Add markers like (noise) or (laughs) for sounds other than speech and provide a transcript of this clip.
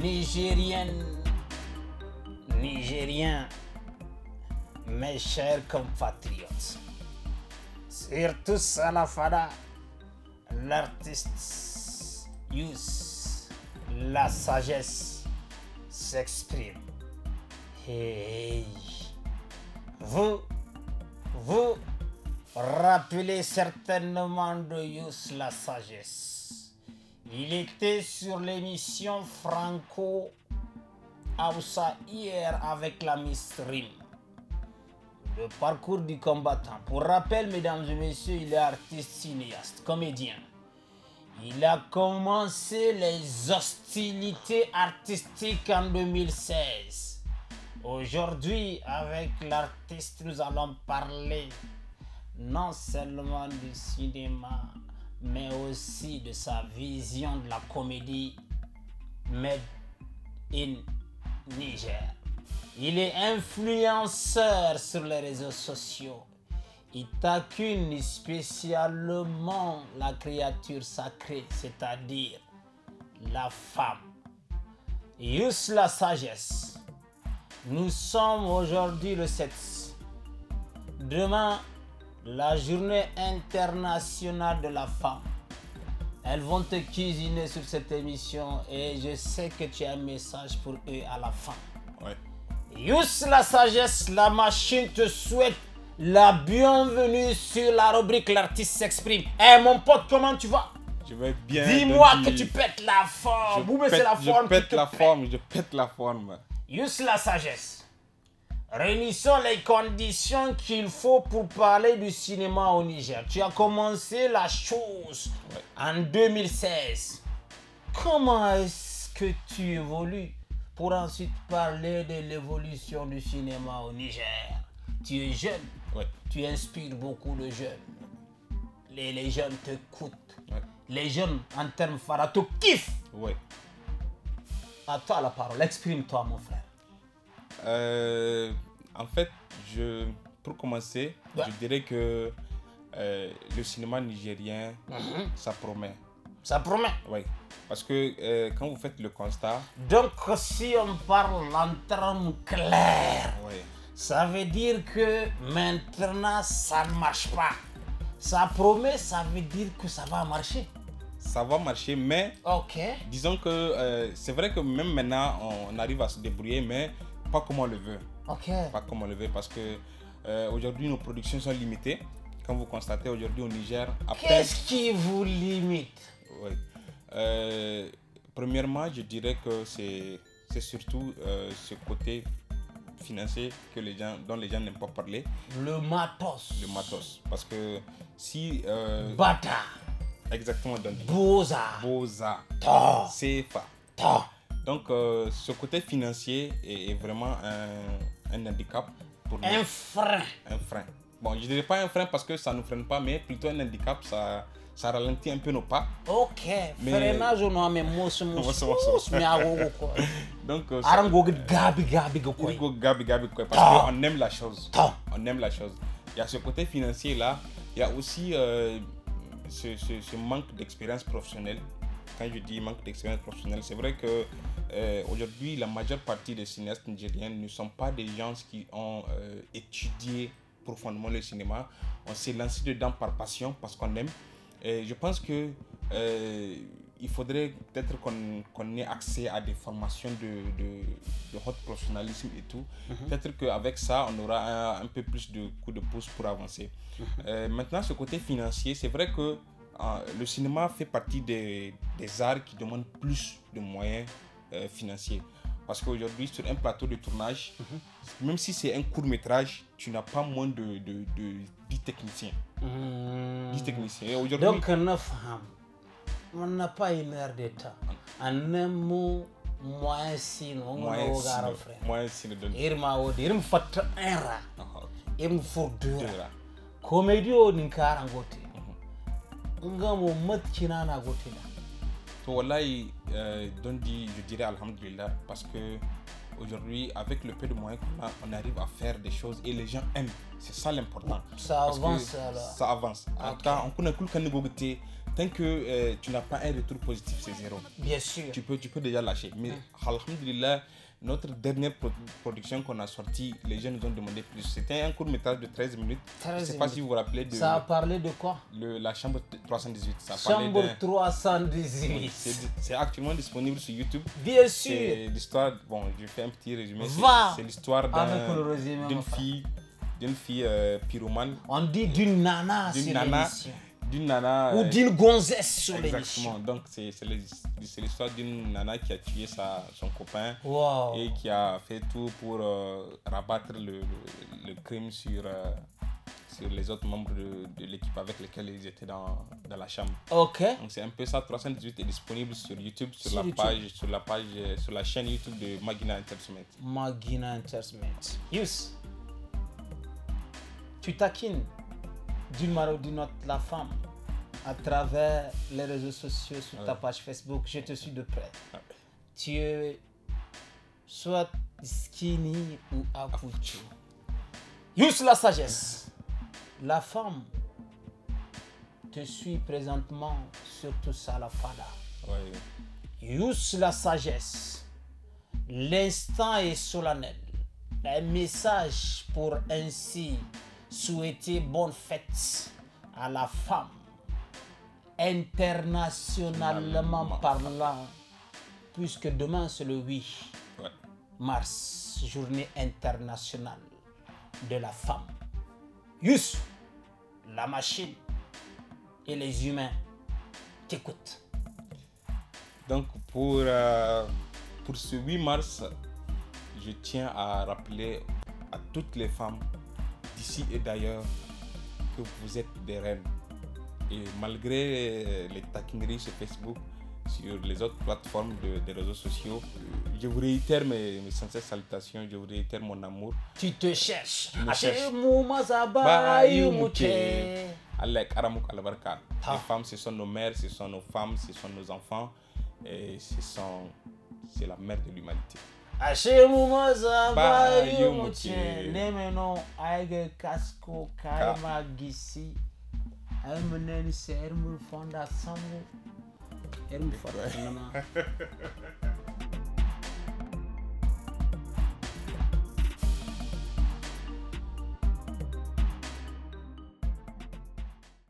Nigérien, Nigérien, mes chers compatriotes, surtout Salafada, l'artiste use la sagesse s'exprime. Hey. Vous, vous rappelez certainement de Yous la sagesse. Il était sur l'émission Franco Aoussa hier avec la Miss Rim. Le parcours du combattant. Pour rappel, mesdames et messieurs, il est artiste, cinéaste, comédien. Il a commencé les hostilités artistiques en 2016. Aujourd'hui, avec l'artiste, nous allons parler non seulement du cinéma, mais aussi de sa vision de la comédie Made in Niger. Il est influenceur sur les réseaux sociaux. Il taquine spécialement la créature sacrée, c'est-à-dire la femme. Use la sagesse. Nous sommes aujourd'hui le 7. Demain, la journée internationale de la femme. Elles vont te cuisiner sur cette émission et je sais que tu as un message pour eux à la fin. Oui. Yous la sagesse, la machine te souhaite la bienvenue sur la rubrique L'artiste s'exprime. Eh mon pote, comment tu vas Je vais bien. Dis-moi que tu pètes la forme. c'est la forme. Je pète la forme, je pète la forme. Yous la sagesse. Réunissons les conditions qu'il faut pour parler du cinéma au Niger. Tu as commencé la chose en 2016. Comment est-ce que tu évolues pour ensuite parler de l'évolution du cinéma au Niger Tu es jeune, tu inspires beaucoup de jeunes. Les, les jeunes t'écoutent. Les jeunes, en termes farato, kiffent. À toi la parole, exprime-toi mon frère. Euh, en fait, je, pour commencer, je dirais que euh, le cinéma nigérien, mhm. ça promet. Ça promet Oui. Parce que euh, quand vous faites le constat. Donc, si on parle en termes clairs, ça veut dire que maintenant, ça ne marche pas. Ça promet, ça veut dire que ça va marcher. Ça va marcher, mais Ok. disons que euh, c'est vrai que même maintenant, on arrive à se débrouiller, mais pas comme on le veut. Pas comment lever parce que euh, aujourd'hui nos productions sont limitées. Quand vous constatez aujourd'hui au Niger, Qu'est-ce qui vous limite euh, premièrement, je dirais que c'est surtout euh, ce côté financier que les gens, dont les gens n'aiment pas parler. Le matos. Le matos. Parce que si. Bata. Exactement. Boza. Boza. ta Donc, ce côté financier est vraiment un un handicap pour Un frein. Un frein. Bon, je dirais pas un frein parce que ça nous freine pas, mais plutôt un handicap, ça, ça ralentit un peu nos pas. Ok. Mais... on mais Donc, aime la chose. On aime la chose. Il y a ce côté financier là. Il y a aussi euh, ce, ce manque d'expérience professionnelle. Quand je dis manque d'expérience professionnelle, c'est vrai que euh, aujourd'hui, la majeure partie des cinéastes nigériens ne sont pas des gens qui ont euh, étudié profondément le cinéma. On s'est lancé dedans par passion, parce qu'on aime. Et je pense que euh, il faudrait peut-être qu'on ait accès à des formations de, de, haute professionnalisme et tout. Mhm. Peut-être qu'avec ça, on aura un, peu plus de coups de pouce pour avancer. Mhm. maintenant, ce côté financier, c'est vrai que le cinéma fait partie des, des arts qui demandent plus de moyens euh, financier. Parce qu'aujourd'hui, sur un plateau de tournage, mhm. même si c'est un court métrage, tu n'as pas moins de, de, de 10 techniciens. Mmh. 10 techniciens. Donc, on n'a pas une heure d'état En un mot, moyen signe, on va regarder frère. Moyen signe de. Irma odi, irma fatta era. deux furdura. Comédie odi nkara gote voilà wallahi, euh, je dirais Alhamdulillah parce que aujourd'hui, avec le peu de moyens qu'on a, on arrive à faire des choses et les gens aiment. C'est ça l'important. Ça avance alors. Ça avance. Okay. Tant que euh, tu n'as pas un retour positif, c'est zéro. Bien sûr. Tu peux, tu peux déjà lâcher. Mais mm. Alhamdulillah, notre dernière production qu'on a sortie, les jeunes nous ont demandé plus. C'était un court métrage de 13 minutes. 13 Je ne sais pas si vous vous rappelez de. Ça a parlé de quoi le, La chambre 318. Ça chambre 318. C'est actuellement disponible sur YouTube. Bien sûr. C'est l'histoire. Bon, je fais un petit résumé. C'est l'histoire d'une fille, d'une fille euh, pyromane. On dit d'une nana. D'une nana d'une nana. Ou euh, d'une gonzesse sur les Exactement. Donc, c'est l'histoire d'une nana qui a tué sa, son copain. Et qui a fait tout pour euh, rabattre le, le, crime sur. Euh, sur les autres membres de, l'équipe avec lesquels ils étaient dans, dans la chambre. Ok. Donc c'est un peu ça. 318 est disponible sur YouTube, sur, la page, sur la page, sur la chaîne YouTube de Magina Entertainment. Magina Entertainment. Yus, tu taquines d'une ou d'une autre, la femme à travers les réseaux sociaux, sur ta page Facebook. Je te suis de près. Tu es soit skinny ou accouché. Use la sagesse. La femme te suit présentement, sur tout ça la fada. la sagesse. L'instant est solennel. Un message pour ainsi souhaiter bonne fête à la femme, internationalement parlant, puisque demain c'est le 8 mars, journée internationale de la femme. Yus, la machine et les humains t'écoutent. Donc pour, euh, pour ce 8 mars, je tiens à rappeler à toutes les femmes Ici et d'ailleurs que vous êtes des reines. Et malgré les taquineries sur Facebook, sur les autres plateformes de, des réseaux sociaux, je vous réitère mes, sincères salutations, je vous réitère mon amour. Tu te cherches. Allah te Albarka. Les femmes, ce sont nos mères, ce sont nos femmes, ce sont nos enfants, et ce sont, c'est la mère de l'humanité. ashemumuza mbaye umukene no aige kasko kaima gisi amuneni se ermul fonda samu păi, păi. (laughs)